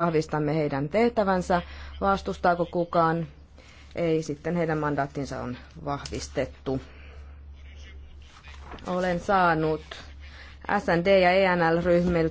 vahvistamme heidän tehtävänsä. Vastustaako kukaan? Ei, sitten heidän mandaattinsa on vahvistettu. Olen saanut SND- ja ENL-ryhmiltä